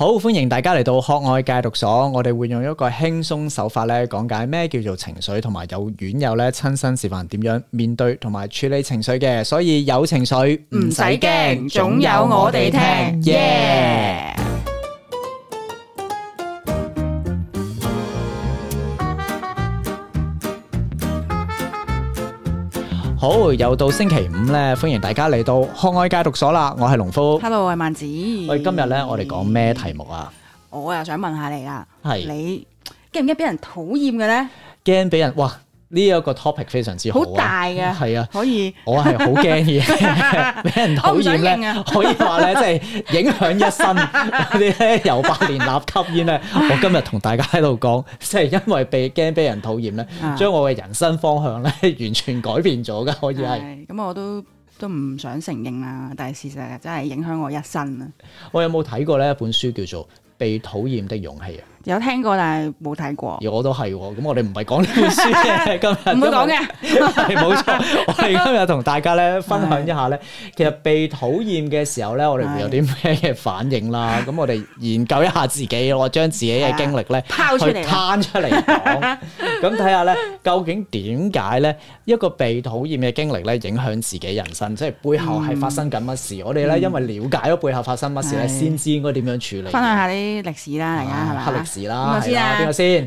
好，歡迎大家嚟到學愛戒毒所。我哋會用一個輕鬆手法咧，講解咩叫做情緒，同埋有院友咧，親身示範點樣面對同埋處理情緒嘅。所以有情緒唔使驚，總有我哋聽，耶！Yeah! 好，又到星期五咧，歡迎大家嚟到康愛戒毒所啦！我係農夫，Hello，我係萬子。喂，今日咧，我哋講咩題目啊？我又想問下你啦，係是你驚唔驚俾人討厭嘅咧？驚俾人哇！呢一個 topic 非常之好大嘅係啊，啊，可以。 我係好驚嘅，俾 人討厭咧，啊、可以話咧，即、就、係、是、影響一生嗰啲咧。 由八年立吸煙咧，我今日同大家喺度講，即、就、係、是、因為被驚俾人討厭咧，啊、將我嘅人生方向咧完全改變咗㗎。可以係咁，我都都唔想承認啦。但係事實真係影響我一生啊！我有冇睇過呢一本書叫做《被討厭的勇氣》啊？有聽過，但係冇睇過。而我都係喎，咁我哋唔係講呢本書 今日唔好講嘅，冇說 錯。我哋今日同大家咧分享一下咧，其實被討厭嘅時候咧，我哋會有啲咩嘅反應啦。咁 我哋研究一下自己，我將自己嘅經歷咧拋出嚟，攤出嚟講，咁睇下咧究竟點解咧一個被討厭嘅經歷咧影響自己人生，即係背後係發生緊乜事？嗯、我哋咧因為了解咗背後發生乜事咧，先、嗯、知應該點樣處理。分享下啲歷史啦，大家係嘛？唔知啊？邊個先， 先？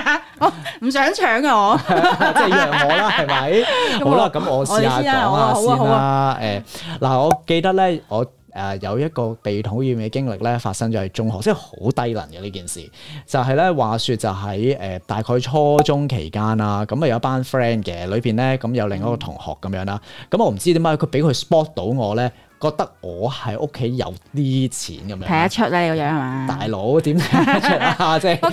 我唔想搶啊！我 即係讓我啦，係咪？好啦，咁我試下講啦。好啊，好啊。誒嗱，我記得咧，我誒有一個被討厭嘅經歷咧，發生咗喺中學，即係好低能嘅呢件事。就係、是、咧，話説就喺誒大概初中期間啊，咁啊有一班 friend 嘅，裏邊咧咁有另一個同學咁樣啦。咁、嗯嗯、我唔知點解佢俾佢 spot 到我咧。覺得我喺屋企有啲錢咁樣，睇得出啦，你個樣 啊嘛姐！大佬點睇得出啊？即係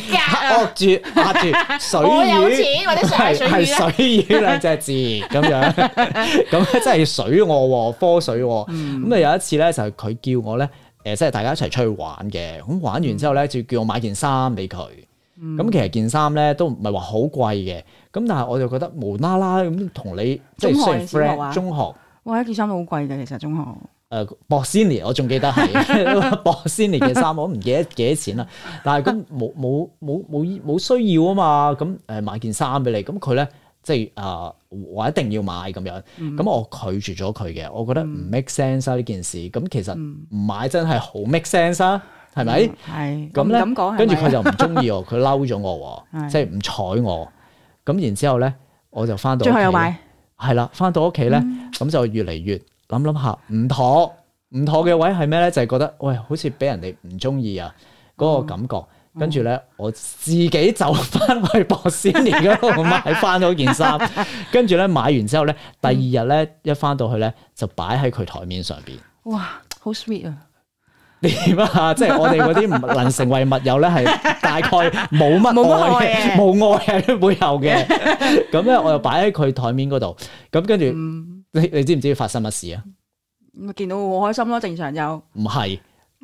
握住握住水魚， 我有錢或者水，水魚咧，係水魚兩隻字咁樣，咁 咧真係水我喎，科水喎。咁啊、嗯、有一次咧，就係佢叫我咧，誒即係大家一齊出去玩嘅。咁玩完之後咧，就叫我買件衫俾佢。咁、嗯、其實件衫咧都唔係話好貴嘅。咁但係我就覺得無啦啦咁同你即係 friend 中學，哇學！一件衫都好貴嘅，其實中學。中學誒，博仙尼，我仲記得係博仙尼嘅衫，我唔記得幾多錢啦。但係咁冇冇冇冇冇需要啊嘛。咁誒買件衫俾你，咁佢咧即係誒話一定要買咁樣，咁我拒絕咗佢嘅。我覺得唔 make sense 啊呢件事。咁其實唔買真係好 make sense 啊，係咪？係、嗯。咁咧，跟住佢就唔中意我，佢嬲咗我，即係唔睬我。咁然之後咧，我就翻到。最後又買。係啦，翻到屋企咧，咁就越嚟越。 諗諗下，唔妥唔妥嘅位係咩咧？就係、是、覺得喂，好似俾人哋唔中意啊，嗰、那個感覺。跟住咧，我自己就翻去博斯尼嗰度買翻嗰件衫。跟住咧，買完之後咧，第二日咧，一翻到去咧，就擺喺佢台面上邊。哇，好 sweet 啊！點啊？即係我哋嗰啲唔能成為密友咧，係大概冇乜愛嘅，冇愛嘅會友嘅。咁咧，我又擺喺佢台面嗰度。咁跟住。你你知唔知發生乜事啊？見到我開心咯，正常就唔係，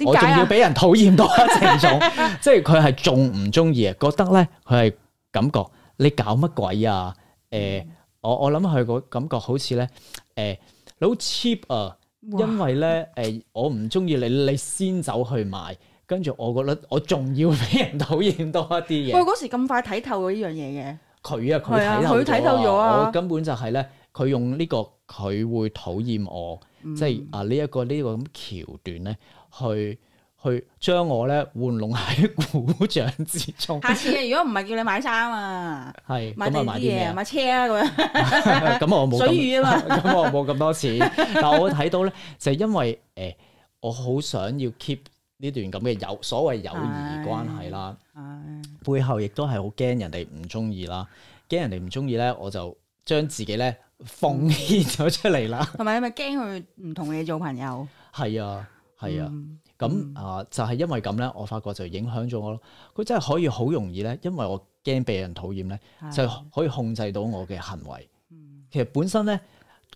我仲要俾人討厭多一正種，即係佢係仲唔中意啊？覺得咧佢係感覺你搞乜鬼啊？誒，我我諗佢個感覺好似咧，誒，你好 cheap 啊！因為咧，誒，我唔中意你，你先走去買，跟住我覺得我仲要俾人討厭多一啲嘢。喂，嗰時咁快睇透呢樣嘢嘅，佢啊，佢睇透咗，我根本就係咧，佢用呢個。佢會討厭我，嗯、即係啊、這個這個、呢一個呢個咁橋段咧，去去將我咧玩弄喺鼓掌之中。下次、啊、如果唔係叫你買衫啊，係是買，買啊買嘢，買車啊咁樣，咁我冇水魚啊嘛，咁我冇咁多錢。但我 但我睇到咧，就係、因為誒、呃，我好想要 keep 呢段咁嘅友所謂友誼關係啦，唉唉背後亦都係好驚人哋唔中意啦，驚人哋唔中意咧，我就將自己咧。奉獻咗出嚟啦，係咪？ 你咪驚佢唔同你做朋友。係 啊，係啊，咁啊就係、是、因為咁咧，我發覺就影響咗我咯。佢真係可以好容易咧，因為我驚俾人討厭咧，就可以控制到我嘅行為。 其實本身咧，誒、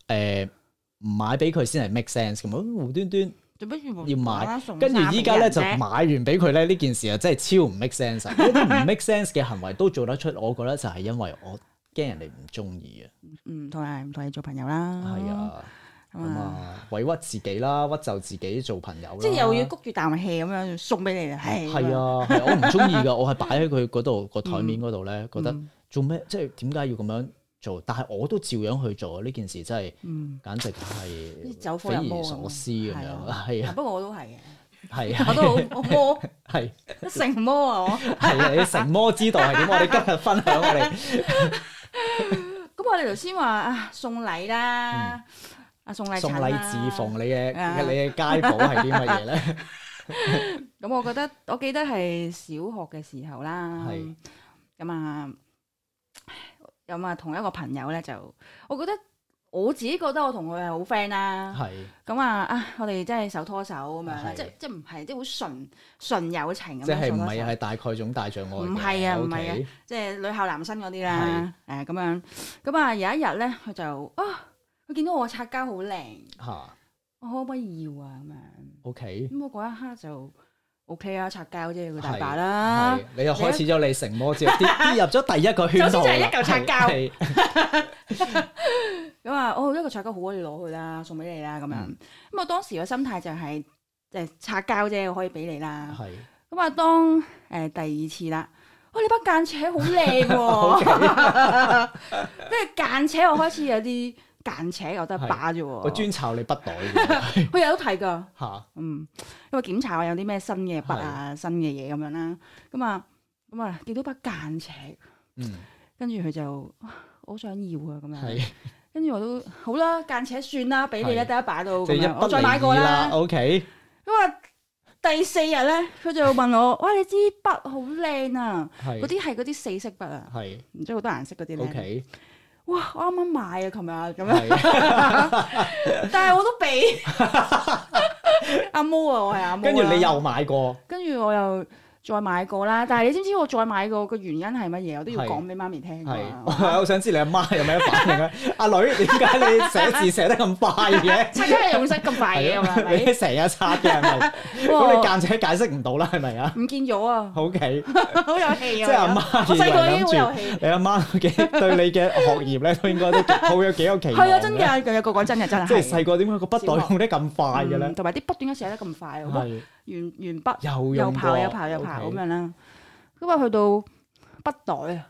呃、買俾佢先係 make sense 嘅，冇 端端，最不要買，跟住依家咧就買完俾佢咧，呢件事又真係超唔 make sense。啲唔 make sense 嘅行為都做得出，我覺得就係因為我。驚人哋唔中意啊！唔同人唔同你做朋友啦，係啊，咁啊委屈自己啦，屈就自己做朋友啦，即係又要谷住啖氣咁樣送俾你啊，係啊，係我唔中意噶，我係擺喺佢嗰度個台面嗰度咧，覺得做咩即係點解要咁樣做？但係我都照樣去做，呢件事真係簡直係匪夷所思咁樣，係。不過我都係嘅，係我都好魔，係成魔啊！我係啊，你成魔之道係點？我哋今日分享我哋。咁 我哋頭先話啊送禮啦，啊送禮，送禮、啊啊、自奉你嘅、啊、你嘅街寶係啲乜嘢咧？咁我覺得我記得係小學嘅時候啦，咁啊是，咁啊、嗯、同一個朋友咧就，我覺得。我自己覺得我同佢係好 friend 啦、啊，咁啊是、嗯、啊，我哋真係手拖手咁樣是，即即唔係即好純純友情咁樣。即係唔係係大概種大象，唔係啊，唔係 Okay? 啊，即係女校男生嗰啲啦，誒咁是、啊、樣。咁、嗯、啊有一日咧，佢就啊，佢見到我擦膠、啊、好靚、啊，嚇，Okay? 那我可唔可以要啊咁樣？OK，咁我嗰一刻就。O K 啊，okay，擦膠啫，佢的大把啦。你又開始咗你成魔招， 入咗第一個圈套。首先 就係一嚿擦膠。咁啊，哦，一個、就是就是、擦膠好可以攞佢啦，送俾你啦，咁樣。咁我當時嘅心態就係，即係擦膠啫，可以俾你啦。係。咁啊，當誒第二次啦，哇，呢把間尺好靚，即係間尺，我開始有啲。間尺我得一把啫喎，我專抄你筆袋，佢有得睇噶。嗯，因為檢查我有啲咩新嘅筆啊，新嘅嘢咁樣啦，咁啊，咁啊，見到把間尺，嗯，跟住佢就我好想要啊咁樣，跟住我都好啦，間尺算啦，俾你啦，得一把都，我再買過啦，O K，咁啊，第四日咧，佢就問我，哇，你支筆好靚啊，嗰啲係嗰啲四色筆啊，係，然之好多顏色嗰啲 OK。」哇！我啱啱買啊，琴日咁樣的，但係我都俾阿毛啊，我係阿毛。跟住你又買過？跟住我又。再買過啦，但係你知唔知我再買過嘅原因係乜嘢？我都要講俾媽咪聽㗎。我想知你阿媽有咩反應咧？阿女點解你寫字寫得咁快嘅？真係用筆咁快你成日擦鏡，咁你間姐解釋唔到啦，係咪啊？唔見咗啊！好奇，好有氣啊！即係阿媽細個已經會有氣。你阿媽嘅對你嘅學業咧都應該都好有幾有期望。係啊，真嘅，佢又講講真嘅真係。即係細個點解個筆袋用得咁快嘅咧？同埋啲筆點解寫得咁快？鉛鉛筆又刨又刨又刨咁樣啦，咁啊去到筆袋啊，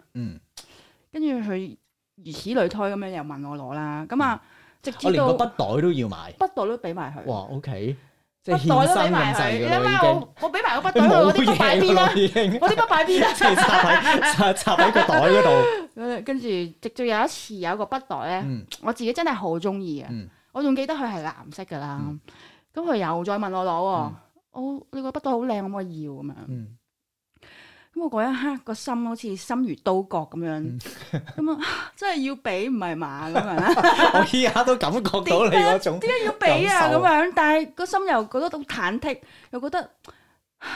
跟住佢如此類推咁樣又問我攞啦，咁啊直至到筆袋都要埋，筆袋都俾埋佢。哇，O K，即袋都俾埋佢。我我俾埋個筆袋。去，我啲筆擺邊？啦，我啲筆擺邊？啦，插插喺個袋嗰度。跟住，直至有一次有個筆袋咧，我自己真係好中意啊！我仲記得佢係藍色噶啦，咁佢又再問我攞。哦、你得不得我你個筆都好靚，可唔可以要咁樣？咁我嗰一刻個心好似心如刀割咁樣，咁啊真係要俾唔係嘛咁樣。 我依家都感覺到你嗰種，點解要俾啊？咁樣，但係個心又覺得好忐忑，又覺得唉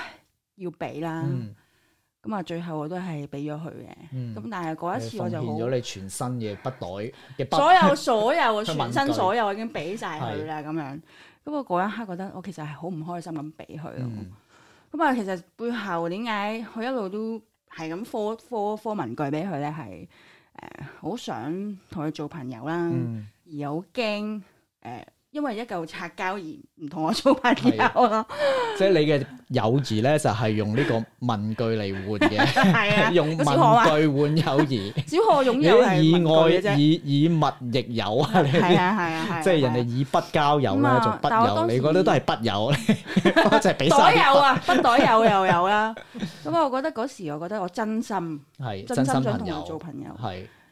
要俾啦。嗯咁啊，最後我都係俾咗佢嘅，咁、嗯、但係嗰一次我就奉獻咗你全新嘅筆袋嘅所有所有 具全新所有已經俾晒佢啦，咁是樣，咁我嗰一刻覺得我其實係好唔開心咁俾佢咯。咁啊、嗯，其實背後點解我一路都係咁貨貨貨文具俾佢咧？係誒，好、呃、想同佢做朋友啦，嗯、而好驚誒。呃因為一嚿擦膠而唔同我做朋友咯的， 即係你嘅友誼咧，就係 的用呢個文具嚟換嘅，用文具換友誼。小何擁有以外，以以物易友啊，呢係啊係啊即係人哋以筆交友咧，嗯，做筆友，你覺得都係筆友，即係筆袋有啊，筆袋友又有啦。咁啊， 我覺得嗰時，我覺得我真心係 真心想同你做朋友。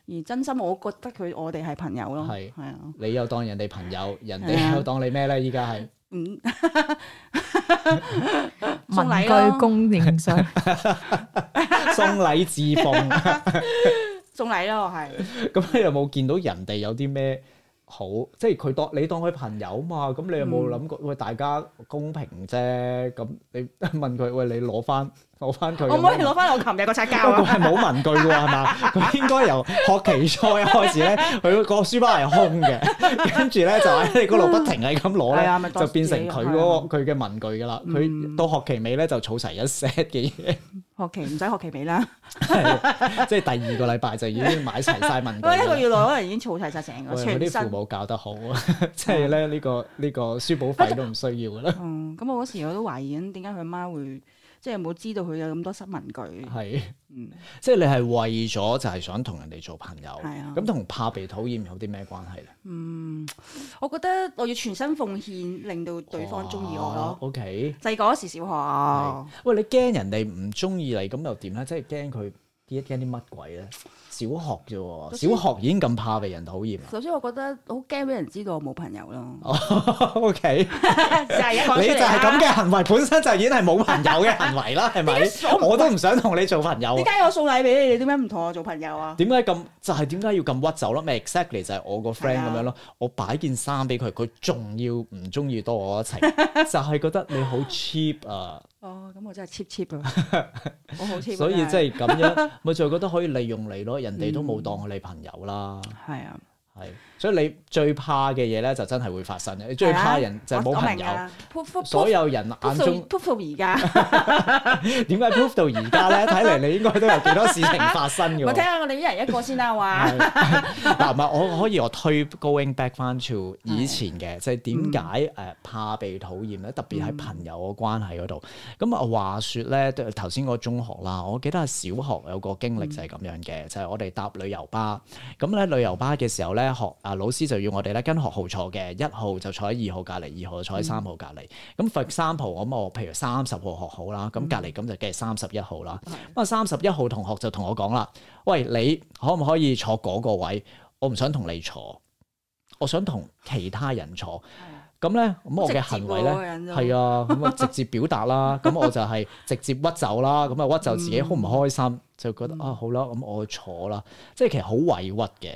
而真心，我覺得佢我哋係朋友咯。係啊的，的你又當人哋朋友，人哋又當你咩咧？依家係，嗯， 相送禮公恭敬送禮自奉 送禮咯，係。咁你又冇見到人哋有啲咩？好，即係佢當你當佢朋友嘛，咁你有冇諗過、嗯、喂？大家公平啫，咁你問佢喂，你攞翻攞翻佢，可唔可以攞翻我琴日個擦膠啊！佢係冇文具嘅嘛，佢應該由學期初一開始咧，佢個書包係空嘅，跟住咧就喺你嗰度不停係咁攞咧， 就變成佢嗰、嗰個佢嘅 文具噶啦。佢、嗯、到學期尾咧就儲齊一 set 嘅嘢。學期唔使學期尾啦 即係第二個禮拜就已經買齊晒文具，一個月內可能已經儲齊晒成個。喂、嗯，嗰啲身父母教得好啊，即係咧呢個呢、呢個書簿費都唔需要噶啦。 嗯，咁我嗰時我都懷疑緊點解佢媽會。即係冇知道佢有咁多失文句。係是，嗯，即係你係為咗就係想同人哋做朋友。係啊，咁同怕被討厭有啲咩關係咧？嗯，我覺得我要全身奉獻，令到對方中意我咯。O K，細個嗰時小學，喂，你驚人哋唔中意你，咁又點咧？即係驚佢。啲驚啲乜鬼咧？小學啫喎，小學已經咁怕被人討厭。首先，我覺得好驚俾人知道我冇朋友咯。O K，你就係咁嘅行為，本身就已經係冇朋友嘅行為啦，係咪？我都唔想同你做朋友。點解我送禮俾你，你點解唔同我做朋友啊？點解咁？就係點解要咁屈就咯？咩？Exactly 就係我個 friend 咁樣咯。我擺件衫俾佢，佢仲要唔中意多我一齊，就係覺得你好 cheap 啊！哦，咁我真係 cheap cheap 喎，好好 cheap，所以即係咁樣，咪 就覺得可以利用你咯， 人哋都冇當你朋友啦，係、嗯、啊，係。所以你最怕嘅嘢咧，就真係會發生嘅。啊、你最怕人就冇我朋友，所有人眼中 p 而家點解到而家咧？睇嚟 你應該都有幾多事情發生㗎。聽我睇下我哋一人一個先啦，話嗱唔係我可以我推 going back 翻 to 以前嘅，就係點解誒怕被討厭咧？特別喺朋友嘅關係嗰度。咁啊話説咧，頭先個中學啦，我記得係小學有個經歷就係咁樣嘅，就係、是、我哋搭旅遊巴咁咧，旅遊巴嘅時候咧學。啊！老師就要我哋咧跟學號坐嘅，一號就坐喺二號隔離，二號就坐喺三號隔離。咁、嗯，佛三號，咁我譬如三十號學好啦，咁隔離咁就即係三十一號啦。咁啊、嗯，三十一號同學就同我講啦：，喂，你可唔可以坐嗰個位？我唔想同你坐，我想同其他人坐。咁咧、嗯，咁我嘅行為咧，係、就是、啊，咁啊直接表達啦。咁 我就係直接屈就啦。咁啊屈就自己好唔開心，嗯、就覺得啊好啦，咁我坐啦。即係其實好委屈嘅。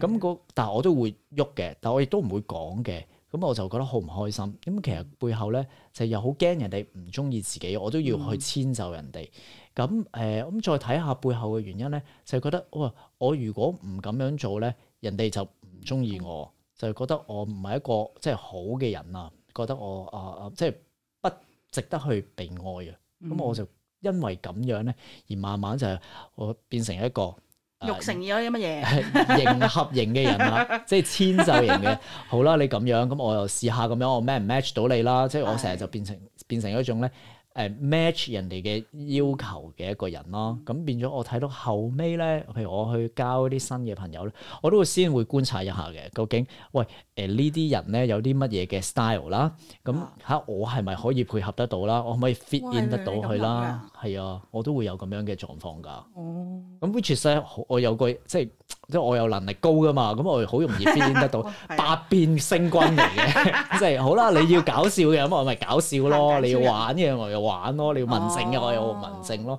咁、那個、但係我都會喐嘅，但係我亦都唔會講嘅，咁我就覺得好唔開心。咁其實背後咧，就又好驚人哋唔中意自己，我都要去遷就人哋。咁誒、嗯，咁、呃、再睇下背後嘅原因咧，就覺得哇、哦，我如果唔咁樣做咧，人哋就唔中意我，就覺得我唔係一個即係、就是、好嘅人啊，覺得我啊啊即係不值得去被愛啊。咁、嗯、我就因為咁樣咧，而慢慢就係我變成一個。育、哎、成咗啲乜嘢？迎 合型嘅人啊， 即係遷就型嘅。好啦，你咁樣，咁我又試下咁樣，我 match 唔 match 到你啦？即係我成日就變成 變成一種咧。誒、呃、match 人哋嘅要求嘅一個人咯，咁變咗我睇到後尾咧，譬如我去交一啲新嘅朋友咧，我都會先會觀察一下嘅，究竟喂，誒、呃、呢啲人咧有啲乜嘢嘅 style 啦，咁吓我係咪可以配合得到啦？我可唔可以 fit in 得到佢喂啦？係、呃、啊，我都會有咁樣嘅狀況㗎。哦，咁 which is 咧，我有個即係。即係我有能力高㗎嘛，咁我好容易變得到百變 星君嚟嘅，即係、 就是、好啦。你要搞笑嘅，咁我咪搞笑咯；你要玩嘅，我又玩咯；你要文靜嘅，哦、我又文靜咯。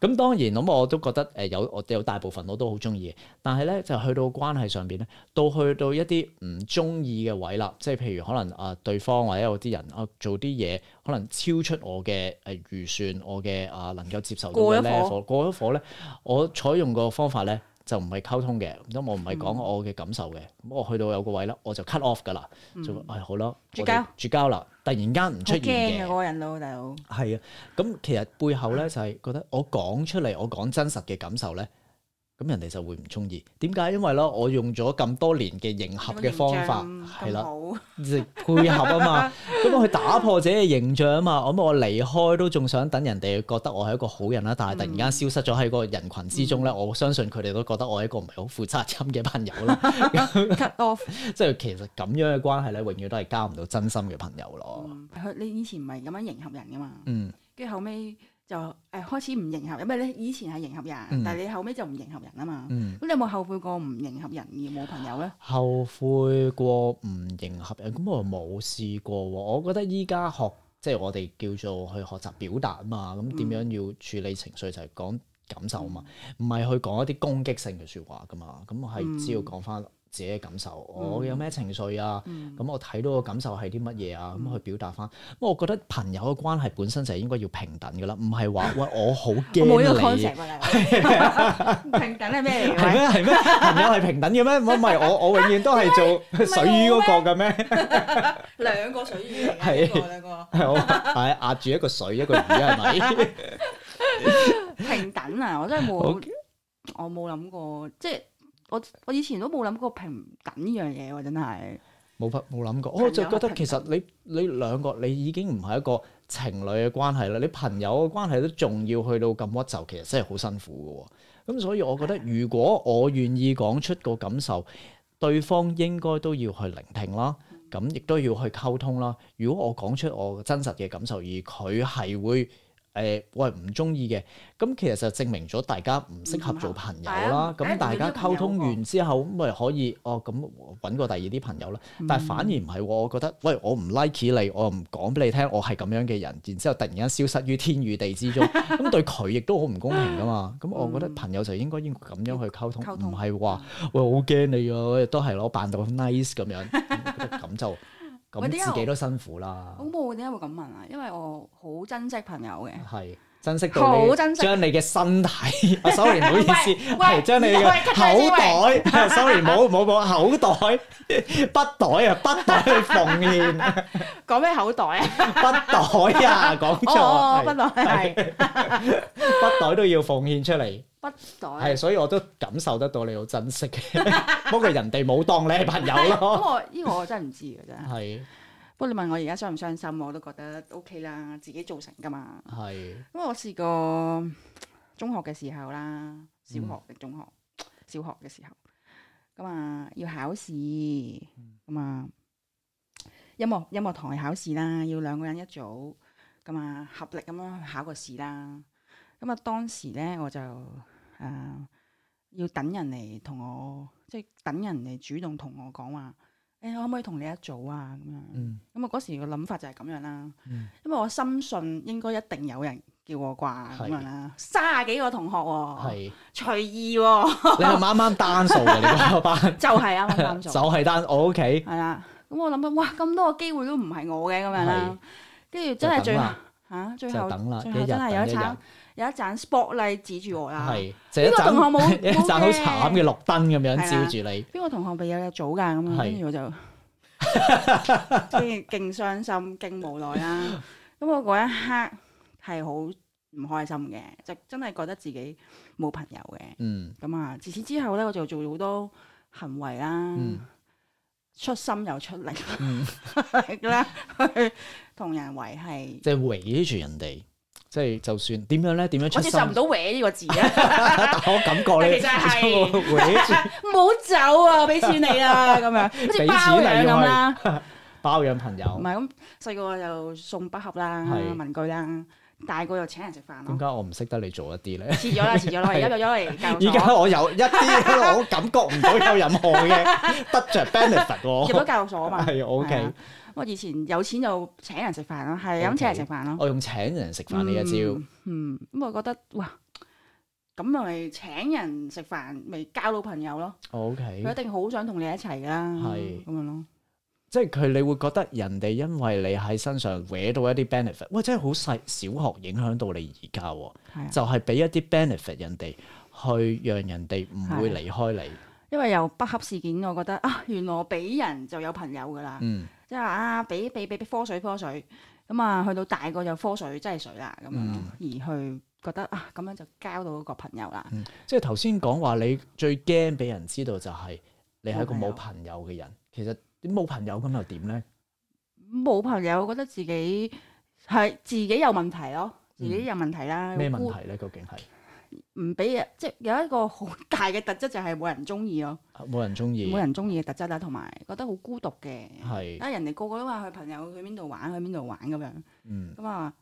咁當然，咁我都覺得誒有我有大部分我都好中意。但係咧，就去到關係上邊咧，到去到一啲唔中意嘅位啦，即係譬如可能啊對方或者有啲人啊做啲嘢，可能超出我嘅誒、呃、預算，我嘅啊、呃、能夠接受到嘅 level。過一火咧，我採用個方法咧。呢就唔係溝通嘅，咁我唔係講我嘅感受嘅，咁、嗯、我去到有個位啦，我就 cut off 噶啦，嗯、就誒、哎、好啦，絕交絕交啦，突然間唔出現嘅。O.K. 呢個人咯，大佬。係啊，咁、嗯、其實背後咧就係、是、覺得我講出嚟，我講真實嘅感受咧。咁人哋就會唔中意，點解？因為咯，我用咗咁多年嘅迎合嘅方法，係啦， 配合啊嘛。咁 我去打破自己嘅形象啊嘛。咁我離開都仲想等人哋覺得我係一個好人啦。但係突然間消失咗喺個人群之中咧，嗯、我相信佢哋都覺得我係一個唔係好負責任嘅朋友咯。嗯、 Cut off，即係 其實咁樣嘅關係咧，永遠都係交唔到真心嘅朋友咯、嗯。你以前唔係咁樣迎合人噶嘛？嗯，跟住後尾。就誒開始唔迎合，因為你以前係迎合人，嗯、但係你後屘就唔迎合人啊嘛。咁、嗯、你有冇後悔過唔迎合人而冇朋友咧？後悔過唔迎合人，咁我冇試過。我覺得依家學即係我哋叫做去學習表達啊嘛。咁點樣要處理情緒就係講感受啊嘛，唔係、嗯、去講一啲攻擊性嘅説話噶嘛。咁我係只要講翻。嗯自己嘅感受，我有咩情緒啊？咁我睇到個感受係啲乜嘢啊？咁去表達翻。咁我覺得朋友嘅關係本身就應該要平等㗎啦，唔係話喂我好驚。每個 concept 㗎啦。平等係咩嚟？係咩係咩？朋友係平等嘅咩？唔好唔係我我永遠都係做水魚嗰個嘅咩？兩個水魚嚟嘅，兩個兩個。係啊，係壓住一個水一個魚係咪？平等啊！我真係冇，我冇諗過即係。我我以前都冇諗過平等呢樣嘢喎，真係冇，冇諗過。哦、我就覺得其實你你兩個你已經唔係一個情侶嘅關係啦，你朋友嘅關係都仲要去到咁屈就，其實真係好辛苦㗎。咁所以我覺得如果我願意講出個感受，嗯、對方應該都要去聆聽啦，咁亦都要去溝通啦。如果我講出我真實嘅感受，而佢係會。誒，我係唔中意嘅，咁其實就證明咗大家唔適合做朋友啦。咁、哎、呀大家溝通完之後，咁咪可以哦，咁揾個第二啲朋友啦。嗯、但係反而唔係，我覺得，喂，我唔 like 你，我唔講俾你聽，我係咁樣嘅人，然之後突然間消失於天與地之中，咁 對佢亦都好唔公平噶嘛。咁 我覺得朋友就應該應該咁樣去溝通，唔係話，喂，好驚你啊，都係攞扮到 nice 咁樣，咁 就。咁自己都辛苦啦。我冇點解會咁問啊？因為我好珍惜朋友嘅。係珍惜到你，將你嘅身體。sorry，唔好意思，將你嘅口袋。sorry，冇冇冇，口袋，筆袋啊，筆袋奉獻。講咩口袋啊？筆袋啊，講錯。筆袋係筆袋都要奉獻出嚟。係，所以我都感受得到你好珍惜嘅，不過 人哋冇當你係朋友咯。咁 我呢、呢個我真係唔知嘅啫，係。 是不過你問我而家傷唔傷心，我都覺得 O K 啦，自己造成噶嘛。係是，因為我試過中學嘅時候啦，小學定中學，嗯、小學嘅時候咁啊要考試，咁啊音樂音樂堂考試啦，要兩個人一組，咁啊合力咁樣考個試啦。咁啊當時咧我就。嗯啊，要等人嚟同我，即係等人嚟主動同我講話，誒可唔可以同你一組啊？咁樣，咁我嗰時嘅諗法就係咁樣啦，因為我深信應該一定有人叫我啩咁樣啦，三十幾個同學喎，隨意喎，你係啱啱單數嘅呢個班，就係啱啱單數，就係單我屋企，係啦，咁我諗緊，哇咁多個機會都唔係我嘅咁樣啦，跟住真係最後吓最後等啦，一日等一日。有一盞 spotlight 指住我啦，呢個同學冇一盞好慘嘅綠燈咁樣照住你，邊個同學比你早噶，咁樣，跟住我就，即係勁傷心勁無奈啦。咁我嗰一刻係好唔開心嘅，就真係覺得自己冇朋友嘅。嗯，咁啊，自此之後咧，我就做好多行為啦，出心又出力啦，去同人維繫，即係圍住人哋。即係就算點樣咧，點樣出？接受唔到呢個字啊！但我感覺咧，其實係搵住，唔好走啊！俾錢你啊，咁樣好似包養咁啦，包養朋友。唔係咁細個又送筆盒啦、文具啦，大個又請人食飯。點解我唔識得你做一啲咧？遲咗啦，遲咗落嚟，休咗咗嚟教。而家我有一啲，我感覺唔到有任何嘅得着 benefit 喎。入咗教育所啊嘛。係啊，O K。我以前有錢就請人食飯咯，係咁請人食飯咯。我用請人食飯呢一招。嗯，咁我覺得哇，咁咪請人食飯咪交到朋友咯。OK，佢一定好想同你一齊噶啦。係咁樣咯，即係佢你會覺得人哋因為你喺身上搲到一啲 benefit，哇！真係好細，小學影響到你而家，就係俾一啲 benefit 人哋，去讓人哋唔會離開你。因為有不合事件，我覺得啊，原來我俾人就有朋友噶啦。嗯。即係話啊，俾俾俾俾科水科水咁啊，去到大個就科水真係水啦咁樣，嗯、而去覺得啊，咁樣就交到一個朋友啦、嗯。即係頭先講話你最驚俾人知道就係、是、你係一個冇朋友嘅人。其實你冇朋友咁又點咧？冇朋友，覺得自己係自己有問題咯，自己有問題啦。咩問題咧、嗯？究竟係？唔俾啊！即係有一個好大嘅特質，就係、是、冇人中意咯。冇人中意，冇人中意嘅特質啦，同埋覺得好孤獨嘅。係是，啊人哋個個都話佢朋友去邊度玩，去邊度玩咁、嗯、樣。嗯。咁啊，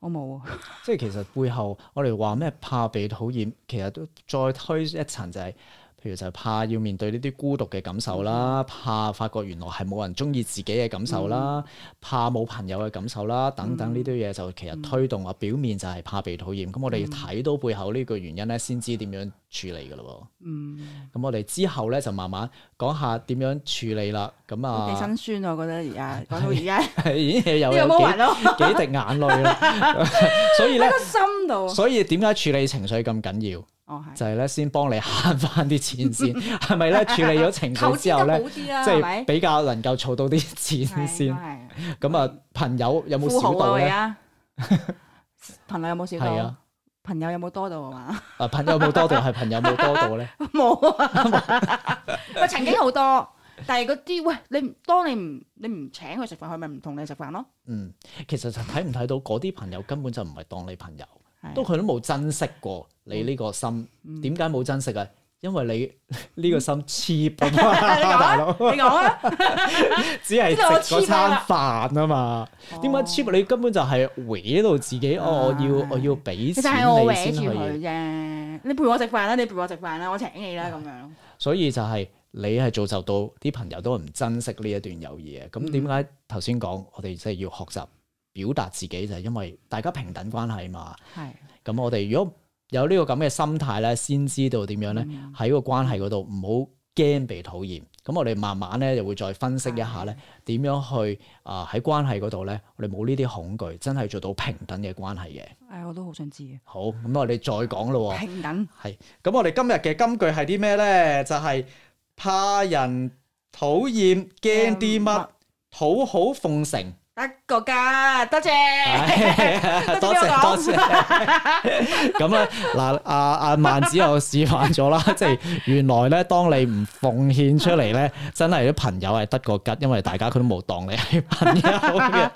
我冇啊。 即係其實背後我哋話咩怕被討厭，其實都再推一層就係、是。譬如就怕要面對呢啲孤獨嘅感受啦，怕發覺原來係冇人中意自己嘅感受啦，嗯、怕冇朋友嘅感受啦，等等呢啲嘢就其實推動啊，嗯、表面就係怕被討厭。咁、嗯、我哋睇到背後呢個原因咧，先知點樣處理噶咯。嗯，咁我哋之後咧就慢慢講下點樣處理啦。咁啊，幾辛酸啊！我覺得而家講到而家，已經又有幾，有幾滴眼淚啦。所以咧，個心度，所以點解處理情緒咁緊要？哦，就係咧，先幫你慳翻啲錢先，係咪咧？處理咗程序之後咧，即係比較能夠儲到啲錢先。咁啊，朋友有冇少到咧？朋友有冇少到？啊，朋友有冇多到啊嘛？啊，朋友冇多到，係朋友冇多到咧。冇啊！喂，曾經好多，但係嗰啲喂，你當你唔你唔請佢食飯，佢咪唔同你食飯咯。嗯，其實就睇唔睇到嗰啲朋友根本就唔係當你朋友，都佢都冇珍惜過。你呢個心點解冇珍惜啊？因為你呢個心 cheap 啊，大佬，你講啊，只係食嗰餐飯啊嘛？點解 cheap？你根本就係搵到自己哦，我要我要俾錢你先去啫。你陪我食飯啦，你陪我食飯啦，我請你啦，咁樣。所以就係你係造就到啲朋友都唔珍惜呢一段友誼啊。咁點解頭先講我哋即係要學習表達自己，就係因為大家平等關係嘛。係。咁我哋如果。有呢個咁嘅心態咧，先知道點樣咧，喺個關係嗰度唔好驚被討厭。咁、嗯、我哋慢慢咧就會再分析一下咧，點樣去啊喺、呃、關係嗰度咧，我哋冇呢啲恐懼，真係做到平等嘅關係嘅。誒、哎，我都好想知啊！好，咁我哋再講咯喎。平等係。咁我哋今日嘅金句係啲咩咧？就係、是、怕人討厭，驚啲乜，討好奉承。得個㗎，多謝，多謝 多謝。咁啊，嗱、啊，阿阿萬子又示範咗啦， 即係原來咧，當你唔奉獻出嚟咧， 真係啲朋友係得個吉，因為大家佢都冇當你係朋友嘅。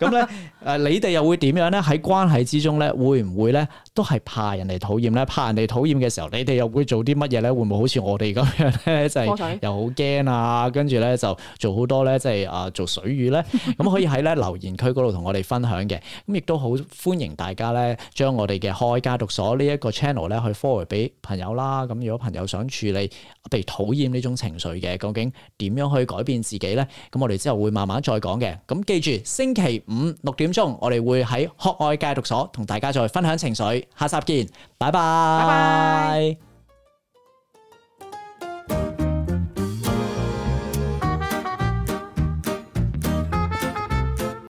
咁咧，誒，你哋又會點樣咧？喺關係之中咧，會唔會咧？都係怕人哋討厭咧，怕人哋討厭嘅時候，你哋又會做啲乜嘢咧？會唔會好似我哋咁樣咧？就係、是、又好驚啊！跟住咧就做好多咧、就是，即係啊，做水魚咧。咁可以喺咧留言區嗰度同我哋分享嘅。咁 亦都好歡迎大家咧，將我哋嘅學愛戒毒所、這個、頻道呢一個 channel 咧去 forward 俾朋友啦。咁如果朋友想處理被討厭呢種情緒嘅，究竟點樣去改變自己咧？咁我哋之後會慢慢再講嘅。咁記住，星期五六點鐘，我哋會喺學愛戒毒所同大家再分享情緒。下集見，拜拜。拜拜。